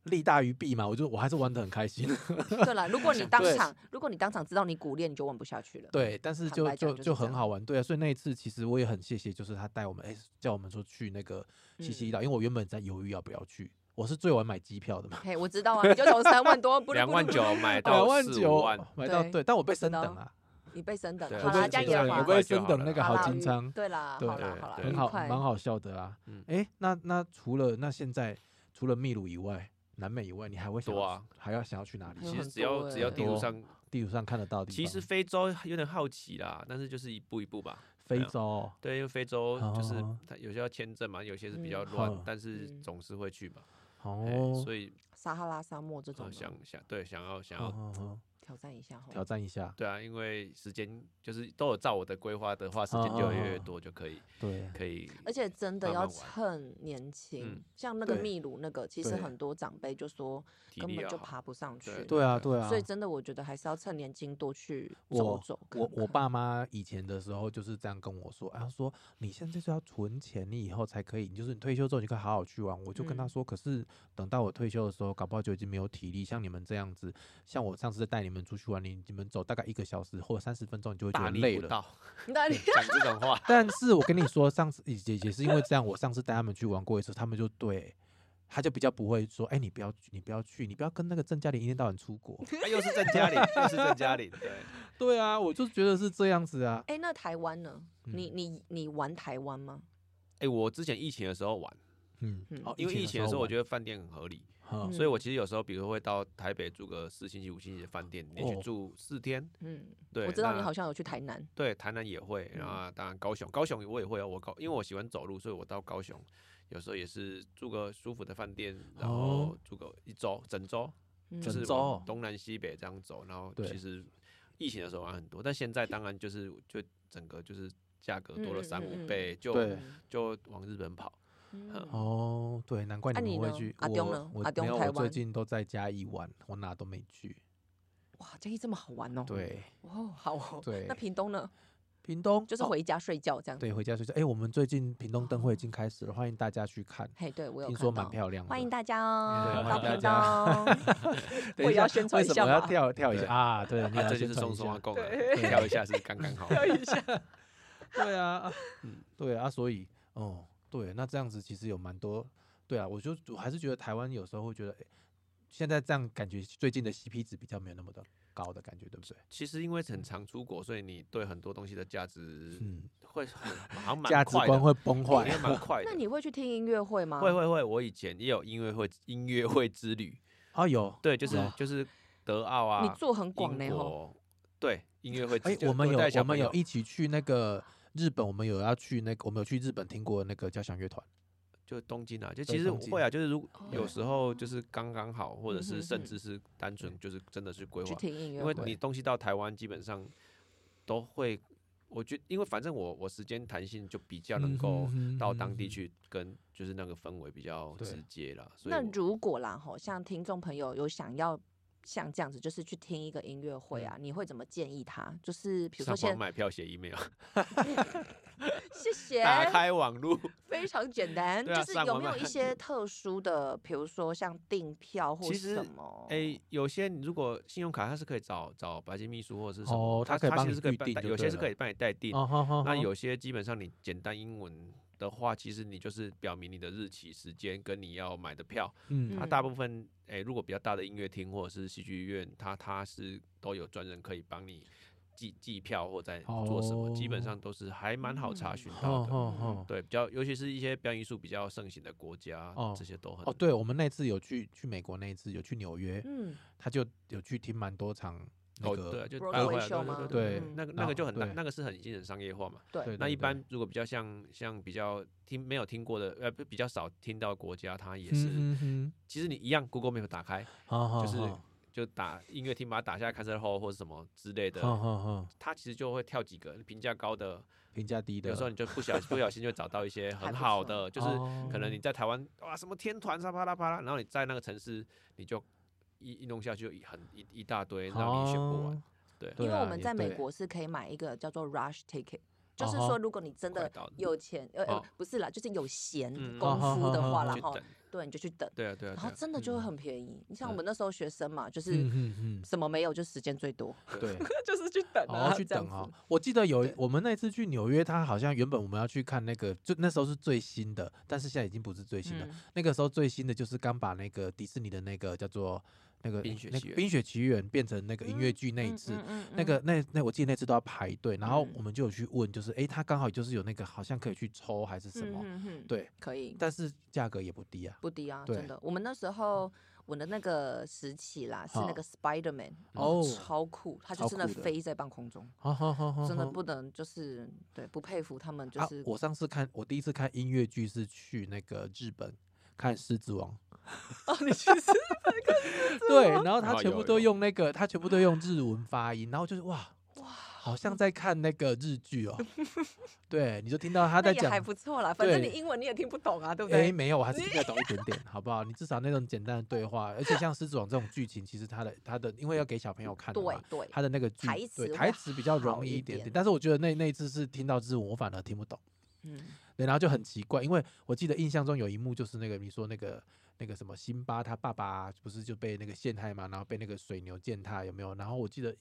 利大於弊嘛，我就我還是玩的很開心。 對啦，如果你當場，如果你當場知道你骨裂，你就玩不下去了。對，但是就就是就，就很好玩，對啊。所以那一次，其實我也很謝謝，就是他帶我們，哎、欸，叫我們說去那個西西里島，因為我原本在猶豫要不要去。我是最晚買機票的嘛。嘿，我知道啊，你就從三萬多，不 兩萬九買到四萬九，哦、萬9，買到對，對，但我被升等，啊、等了。你被升等了，好啦好了，加油啊！我被升等那個豪經艙，對啦，好啦，好啦。很好，蠻好笑的啊。哎、嗯欸，那那除了那現在除了秘魯以外。南美以外，你還會想多啊？還要想要去哪裡？其實只要只要地圖上地圖上看得到。其實非洲有點好奇啦，但是就是一步一步吧。非洲、嗯、對，因為非洲就是它有些要簽證嘛，有些是比較亂、嗯，但是總是會去吧。哦、嗯，所以。撒哈拉沙漠這種、啊、想想，對，想要想要、啊、挑戰一下，挑戰一下，對啊，因為時間就是都有照我的規劃的話，時間就越，越多、啊、就可以，對，可以，而且真的要趁年輕、嗯，像那個秘魯那個，其實很多長輩就說根本就爬不上去對，對啊，對啊，所以真的我覺得還是要趁年輕多去走走。我我，我爸媽以前的時候就是這樣跟我說，他、啊、說你現在是要存錢，你以後才可以，你就是你退休之後你可以好好去玩。我就跟他說、嗯，可是等到我退休的時候。搞不好就已經沒有體力，像你們這樣子，像我上次帶你們出去玩，你你們走大概一個小時或者三十分鐘，你就會覺得累了。哪裡講這種話？但是我跟你說，上次也也也是因為這樣，我上次帶他們去玩過一次，他們就對、欸、他就比較不會說，哎、欸，你不要你不要去，你不要跟那個鄭家麟一天到晚出國，又是鄭家麟，又是鄭家麟。對對啊，我就覺得是這樣子啊。哎、欸，那台灣呢？嗯、你你你玩台灣嗎？哎、欸，我之前疫情的時候玩，嗯嗯、哦，因為疫情的時候，我覺得飯店很合理。嗯、所以，我其實有時候，比如會到台北住個四星期、五星期的飯店，連續住四天。嗯、哦，對。我知道你好像有去台南。對，台南也會。然後，當然高雄，高雄我也會啊。我高，因為我喜歡走路，所以我到高雄，有時候也是住個舒服的飯店，然後住個一周、哦、整周、嗯，就是往東南西北這樣走。然後，其實疫情的時候還很多，但現在當然就是就整個就是價格多了三、嗯、五倍，就對，就往日本跑。嗯、哦，對，難怪你們會去。啊、呢我阿呢我，阿沒有，我最近都在嘉義玩，我哪都沒去。哇，嘉義這麼好玩哦！對，哦，好哦。對，那屏東呢？屏東就是回家睡覺這樣子。哦。對，回家睡覺。哎、欸，我們最近屏東燈會已經開始了，歡迎大家去看。哦、嘿，對，我有聽說蠻漂亮的，歡迎大家哦，歡迎大家哦。我也要宣傳一,一下，我要跳跳一下啊！對啊，你、啊、這就是鬆頌 ㄚ 貢的，廣告，跳一下是剛剛好。 跳一下。 對啊，嗯，對啊，所以，哦。對，那這樣子其實有蠻多，對啊，我就我還是覺得台灣有時候會覺得、欸，現在這樣感覺最近的 CP 值比較沒有那麼的高的感覺，對不對？其實因為很常出國，所以你對很多東西的價值，嗯，會很好像蠻快，價 值觀會崩壞，那你會去聽音樂會嗎？ 會會會，我以前也有音樂會音樂會之旅啊，有，對，就是就是德奧啊，你做很廣呢、哦，哦，對，音樂會之旅，哎、欸，我們有我們有一起去那個。日本，我們有要去那個，我們有去日本聽過那個交響樂團，就東京啊，就其實我會啊，就是如有時候就是剛剛好，或者是甚至是單純就是真的是規劃，因為你東西到台灣基本上都會，我覺因為反正我我時間彈性就比較能夠到當地去跟就是那個氛圍比較直接啦。那如果啦吼，像聽眾朋友有想要。像這樣子，就是去聽一個音樂會啊、嗯，你會怎麼建議他？就是比如說先買票寫 email，謝謝。打開網絡， 非常簡單、啊。就是有沒有一些特殊的，比如說像訂票或是什麼？哎、欸，有些你如果信用卡，它是可以找找白金秘書或者是什麼，哦、他他其實可以幫你有些是可以幫你代訂、哦哦哦。那有些基本上你簡單英文。的話，其實你就是表明你的日期時間、時間跟你要買的票。嗯，它大部分，欸、如果比較大的音樂廳或者是戲劇院，它它是都有專人可以幫你寄寄票或在做什麼，哦、基本上都是還蠻好查詢到的、嗯哦哦哦。對，比較尤其是一些表演藝術比較盛行的國家、哦，這些都很。哦，對我們那次有去去美國那一次有去紐約、嗯，他就有去聽蠻多場。哦、那個，oh, 對、啊，就、Roadway、啊、啊、啊、嗯，對對對、對、對、對，那個、啊、那個就很難，那個是很已經很商業化嘛。對、對、對。那一般如果比較像像比較聽沒有聽過的，呃，比較少聽到的國家，它也是。嗯嗯嗯、其實你一樣，Google 沒有打開，好好好就是就打音樂廳，把它打下 c a 後或者什麼之類的好好好。它其實就會跳幾個評價高的，評價低的。有時候你就不小不小心就找到一些很好的， 就是可能你在台灣、哦、哇什麼天團啥啪、啪啦啪啦，然後你在那個城市你就。一弄下去很，很一一大堆，讓你選不完。Oh, 對，因為我們在美國是可以買一個叫做 rush ticket，、啊、就是說如果你真的有錢，呃、oh, 呃、oh, oh, 欸，不是啦，就是有閒工夫的話，oh, oh, oh, oh, oh, 然後對，你就去等。對、啊、對,、啊對啊。然後真的就會很便宜。你、uh, 像我們那時候學生嘛，就是什麼沒有，就時間最多。對， 就是去等啊，oh, 然後去等啊、哦。我記得有我們那次去紐約，他好像原本我們要去看那個，就那時候是最新的，但是現在已經不是最新的。嗯、那個時候最新的就是剛把那個迪士尼的那個叫做。那個冰雪奇，冰雪奇緣變成那個音樂劇那一次，嗯嗯嗯嗯、那個那那我記得那次都要排隊，然後我們就有去問，就是哎、欸，他剛好就是有那個好像可以去抽還是什麼，嗯嗯嗯、對，可以，但是價格也不低啊，不低啊，真的。我們那時候、嗯、我的那個時期啦是那個 Spiderman，、嗯、哦，超酷，他就真的飛在半空中，真的不能就是對，不佩服他們就是、啊。我上次看，我第一次看音樂劇是去那個日本看獅子王。哦，你其實。對，然後他全部都用那個，他全部都用日文發音，然後就是哇哇，好像在看那個日劇哦、喔。 對，你就聽到他在講， 還不錯啦。反正你英文你也聽不懂啊，對不對？哎、欸，沒有，我還是聽得懂一點點， 好不好？你至少那種簡單的對話，而且像獅子王這種劇情，其實他的他的因為要給小朋友看嘛， 對，對，對他的那個劇對台詞比較容易 一點點。但是我覺得那那一次是聽到日文，我反而聽不懂。嗯，對，然後就很奇怪，因為我記得印象中有一幕就是那個你說那個。那個什麼，辛巴他爸爸、啊、不是就被那個陷害嗎？然後被那個水牛踐踏，有沒有？然後我記得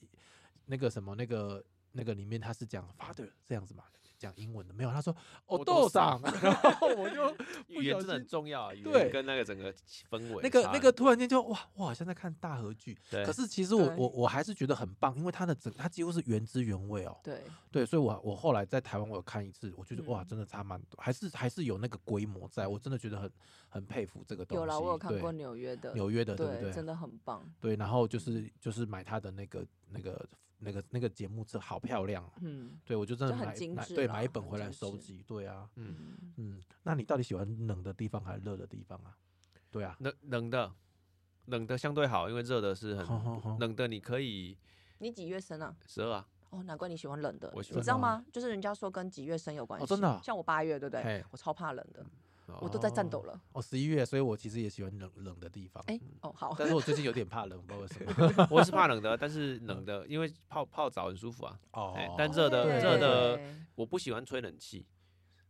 那個什麼，那個那個裡面他是講 father 這樣子嗎？講英文的沒有，他說哦豆沙， 然後我就不語言真的很重要啊，語言跟那個整個氛圍，那個那個突然間就哇，哇，好像在看大河劇，可是其實我我我還是覺得很棒，因為它的整它幾乎是原汁原味哦、喔，對對，所以我我後來在台灣我有看一次，我就覺得、嗯、哇，真的差蠻多，還是還是有那個規模在，我真的覺得很很佩服這個東西，有啦，我有看過紐約的，紐約的對不對，對，真的很棒，對，然後就是就是買他的那個那個。那個那個節目真好漂亮，啊，嗯，對我就真的就很精緻。對，買一本回來收集，對啊，嗯嗯，那你到底喜歡冷的地方還是熱的地方啊？對啊，冷冷的，冷的相對好，因為熱的是很冷的，你可以。你幾月生啊？十二啊。哦，難怪你喜歡冷的，你知道嗎？哦？就是人家說跟幾月生有關係。哦，真的。像我八月，對不對？我超怕冷的。嗯我都在顫抖了。哦，哦、十一月，所以我其實也喜歡冷冷的地方。哎、欸，哦，好。但是我最近有點怕冷，我也是，我也是怕冷的。但是冷的，嗯、因為泡泡澡很舒服啊。哦，欸、但熱的，熱的，我不喜歡吹冷氣、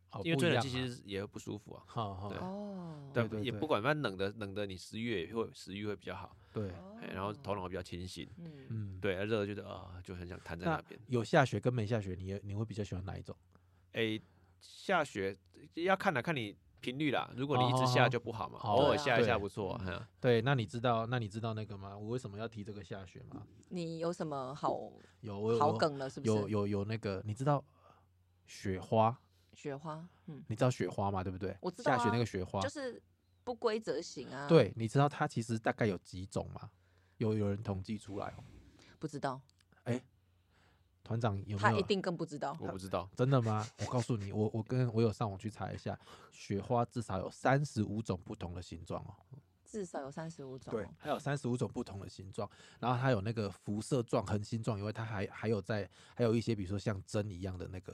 啊，因為吹冷氣其實也不舒服啊。哦，對不、哦、對，對，對，對？也不管，反正冷的，冷的你，你十一月會食欲會比較好。對，哦欸、然後頭腦會比較清醒。嗯，對，熱的覺得啊、呃，就很想癱在那邊。有下雪跟沒下雪，你你會比較喜歡哪一種？哎、欸，下雪要看來看你。頻率啦，如果你一直下就不好嘛，哦哦、偶爾下一下不錯、啊嗯。對，那你知道，那你知道那個嗎？我為什麼要提這個下雪嗎？你有什麼好有，有好梗了？是不是？有有有那個，你知道雪花？雪花、嗯，你知道雪花嗎？對不對？我知道、啊、下雪那個雪花就是不規則形啊。對，你知道它其實大概有幾種嗎？有有人統計出來、喔、不知道。欸團長有沒有？他一定更不知道。我不知道， 真的嗎？我告訴你，我我跟我有上網去查一下，雪花至少有三十五種不同的形狀哦、喔。至少有三十五種。對，還有三十五種不同的形狀，然後它有那個輻射狀、恆星狀，因為它還還有在還有一些，比如說像針一樣的那個，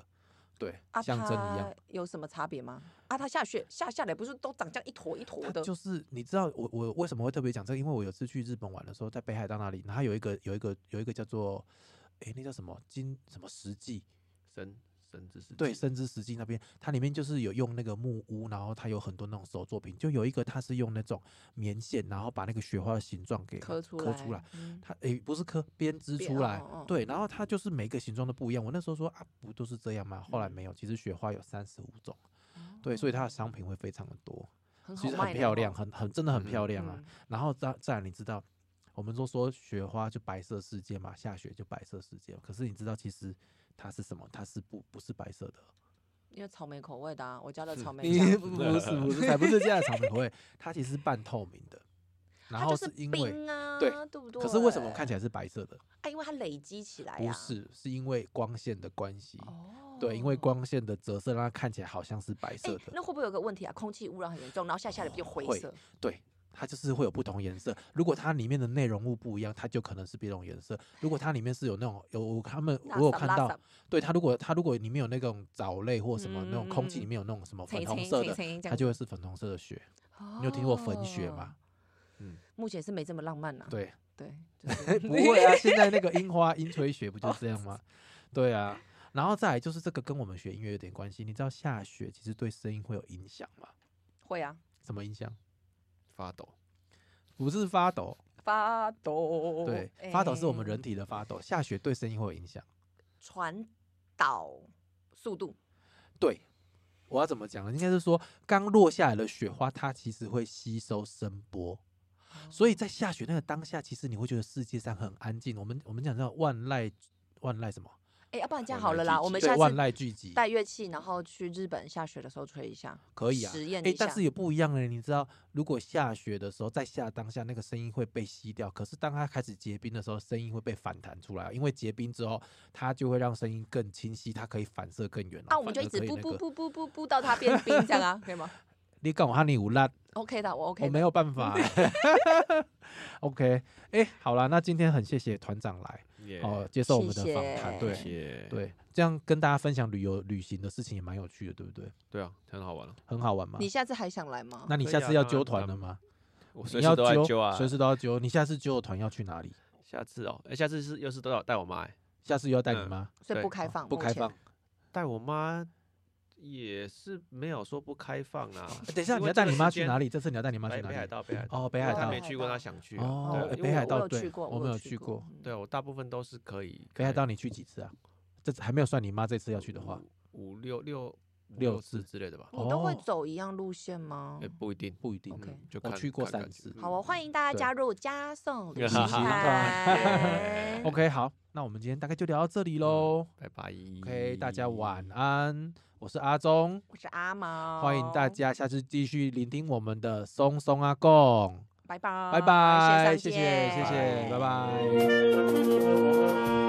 對，啊、像針一樣、啊、有什麼差別嗎？啊，它下雪下下來不是都長這樣一坨一坨的？就是你知道我我為什麼會特別講這個？因為我有次去日本玩的時候，在北海道那裡，然後它有一個有一個有一個，有一個叫做。哎，那叫什麼金什麼市集？聖、聖誕市集，對，聖誕市集那邊，它裡面就是有用那個木屋，然後它有很多那種手作品，就有一個它是用那種棉線，然後把那個雪花的形狀給刻出來，刻出來嗯，它誒不是刻編織出來，嗯，對，然後它就是每個形狀都不一樣。我那時候說啊，不都是這樣嗎？後來沒有，其實雪花有三十五種，嗯，對，所以它的商品會非常的多，的哦，其實很漂亮，很很真的很漂亮啊。嗯嗯，然後再再你知道。我們都說雪花就白色世界嘛，下雪就白色世界。可是你知道其實它是什麼？它是不不是白色的，因為草莓口味的，啊，我家的草莓口味的，啊 不。不是不是不是才不是現在草莓口味， 它其實是半透明的。然後是因為是冰啊，對，對可是為什麼看起來是白色的？哎，啊，因為它累積起來，啊。不是，是因為光線的關係、哦。對，因為光線的折射讓它看起來好像是白色的。欸，那會不會有個問題啊？空氣污染很嚴重，然後下下來比較灰色。哦、對。它就是會有不同顏色。如果它裡面的內容物不一樣，它就可能是別種顏色。如果它裡面是有那種有他們，我有看到，對它，如果它如果裡面有那種藻類或什麼、嗯、那種空氣裡面有那種什麼粉紅色的清清清清，它就會是粉紅色的雪。你有聽過粉雪嗎？哦、嗯，目前是沒這麼浪漫吶、啊。對對，就是、 不會啊！現在那個櫻花櫻吹 雪不就這樣嗎？哦、對啊，然後再來就是這個跟我們學音樂有點關係。你知道下雪其實對聲音會有影響嗎？會啊，什麼影響？發抖，不是發抖，發抖，對，發抖是我們人體的發抖。欸、下雪對聲音會有影響，傳導速度。對，我要怎麼講呢？應該是說，剛落下來的雪花，它其實會吸收聲波，所以在下雪那個當下，其實你會覺得世界上很安靜。我們我們講叫萬籟，萬籟什麼？哎、欸，要、啊、不然這樣好了啦，萬籟俱寂，我們下次帶樂器，然後去日本下雪的時候吹一下，可以啊。實驗、欸、但是也不一樣哎、嗯，你知道，如果下雪的時候在下當下，那個聲音會被吸掉；可是當它開始結冰的時候，聲音會被反彈出來，因為結冰之後，它就會讓聲音更清晰，它可以反射更遠。那我、個、們、啊、就一直噗噗噗噗噗噗到它變冰這樣啊， 可以嗎？你跟我哈尼無辣 o、okay、k 的，我 OK，的我沒有辦法、欸。 OK，哎、欸，好了，那今天很謝謝團長來。哦，接受我們的訪談，對。謝謝對，這樣跟大家分享旅遊旅行的事情也蠻有趣的，對不對？對啊，很好玩，很好玩嘛。你下次還想來嗎？那你下次要揪團了嗎？啊、我揪你要揪，我揪啊，隨時都要揪。你下次揪我團要去哪裡？下次哦，哎、欸，下次是又是都要帶我媽、欸？下次又要帶你媽、嗯？所以不開放，哦、不開放，帶我媽。也是沒有說不開放啊。欸、等一下，你要帶你媽去哪裡？這次你要帶你媽去哪裡？北海道，北海道。哦，北海道他沒去過，他想去、啊。哦，北海道對我。我沒有去過，我過對，我大部分都是可以。北海道你去幾次啊？這還沒有算你媽這次要去的話，五六六六次之類的吧？你都會走一樣路線嗎？哦、不一定，不一定、okay. 嗯。就看。我去過三次。嗯、好，我歡迎大家加入嘉頌旅行團。 OK，好，那我們今天大概就聊到這裡嘍、嗯。拜拜。OK，大家晚安。我是阿忠，我是阿毛，歡迎大家下次繼續聆聽我們的鬆頌 ㄚ 貢，拜拜，拜拜，謝謝，謝謝，拜拜。